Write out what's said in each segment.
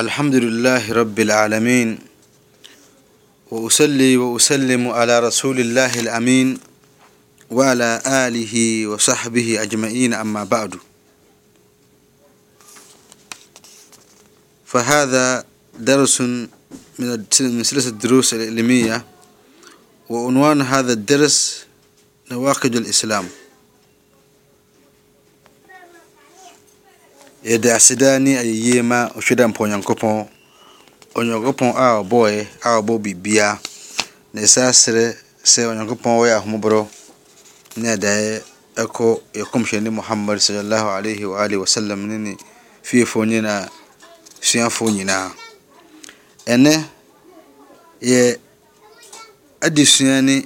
الحمد لله رب العالمين وأسلي وأسلم على رسول الله الأمين وعلى آله وصحبه أجمعين أما بعد فهذا درس من سلسلة الدروس العلمية وعنوان هذا الدرس نواقض الإسلام yɛde aseda ne ayɛyie ma ɔhwɛ dɛ mpa onyankopɔn onyankopɔn a ɔbɔɔɛ a ɔbɔ biribia na ɛsa serɛ sɛ onyankopɔn wɔyɛ ahoborɔ ne adaeɛ ɛkɔ yɛkɔmhyɛne muhammad sallallahu alaihi wa alihi wasallam ne ne fiefoɔ nyinaa suafoɔ nyinaa ɛnɛ yɛ adesua ne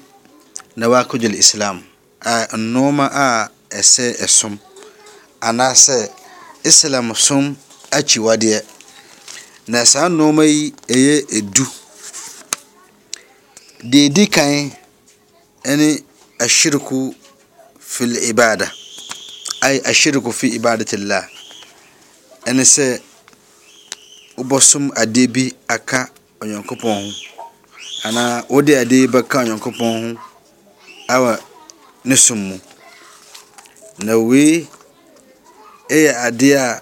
na wakɔgyel islam a nnoɔma a ɛsɛ ɛsom anaasɛ islam som akyiwadeɛ na saa nneɛma yi yɛ edu deɛ edi kan ne ashiriku fil ibada ay ashiriku fi ibadatillah ɛne sɛ wobɔsom adeɛ bi aka onyankopɔn ho anaa wode adeɛ yi bɛka onyankopɔn ho awa ne som mu na wei yɛ adeɛ a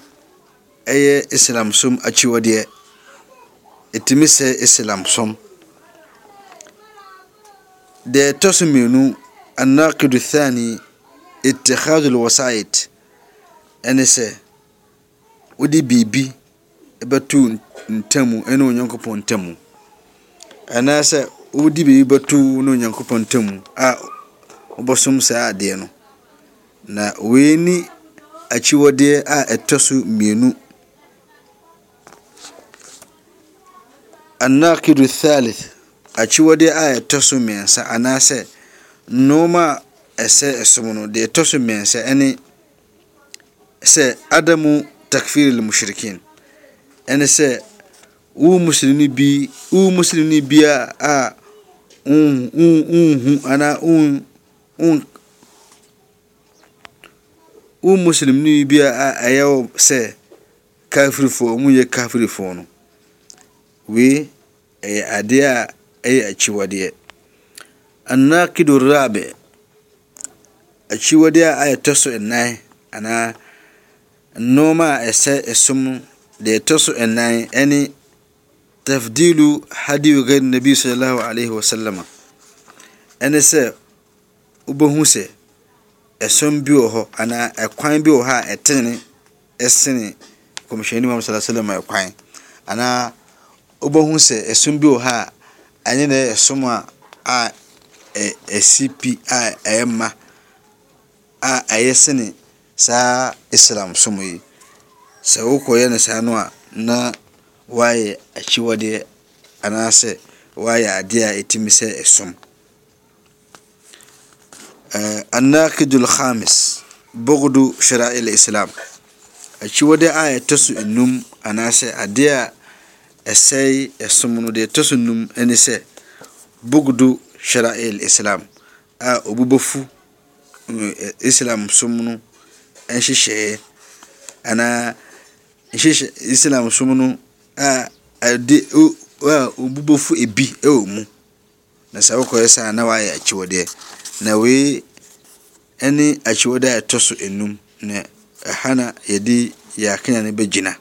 ɛyɛ islam som akyiwadeɛ. Ɛtumi sɛe islam som. Deɛ ɛtɔ so mmienu annaqid thani ittihad alwasait ɛne sɛ wode biribi bɛto ntam ne Onyankopɔn ntam mu. Anaasɛ wode biribi bɛto wo ne Onyankopɔn ntam mu a wobɛsom saa adeɛ no. Na wei ne Akyiwadeɛ a ɛtɔ so mmienu. Annakiru thalith. Akyiwadeɛ a ɛtɔ so mmiɛnsa anaasɛ nneɛma a ɛsɛ som no, deɛ ɛtɔ so mmiɛnsa ne sɛ adamu takfiri al-mushrikin ɛne sɛ wo musulmi bi wo Muslimni biara a wonhu anaa won wo ne bi a ɛyɛ wo sɛ kafirifoɔ mu yɛ kafirifoɔ no wei ɛyɛ adeɛ a ɛyɛ akyiwadeɛ annakido rabe akyiwadeɛ a ɛtɔ so nnan anaa nneɛma a ɛsɛ ɛsom deɛ ɛtɔ so nnan ɛne tafdilu hadiyu ghayr nabi sallallahu alaihi sallama ɛne sɛ wobɛhu sɛ ɛhyɛn bi wɔ hɔ anaa ɛkwan bi wɔ hɔ a ɛtene ɛsene kɔmhyɛni muhammad sallallahu alaihi ɛkwan anaa wobɛhu sɛ ɛsom bi wɔ hɔ a ɛnyɛ dɛ ɛsom a a ɛsi pi a ɛyɛ ma a ɛyɛ sene saa islam som yi sɛ yɛ no saa no a na woayɛ akyiwadeɛ anaasɛ woayɛ adeɛ a ɛtumi sɛ ɛsom Eh, annakidul khamis bugdu shara'il islam aci wode aya tosu enum anaasɛ adeɛ a diya ɛsɛe ɛsom no deɛ ɛtɔ so num ne sɛ bugdu shara'il eh, islam a ɔbubɔfu islam som no nhyehyɛeɛ anaa nhyehyɛ islam som a ade a ɔbubɔfu ebi wɔ e mu na sɛ wokɔyɛ saa na waayɛ akyiwadeɛ na wei ne akyiwadeɛ a ɛtɔ so enum na ɛha na yɛde yɛn akenya no bɛgyina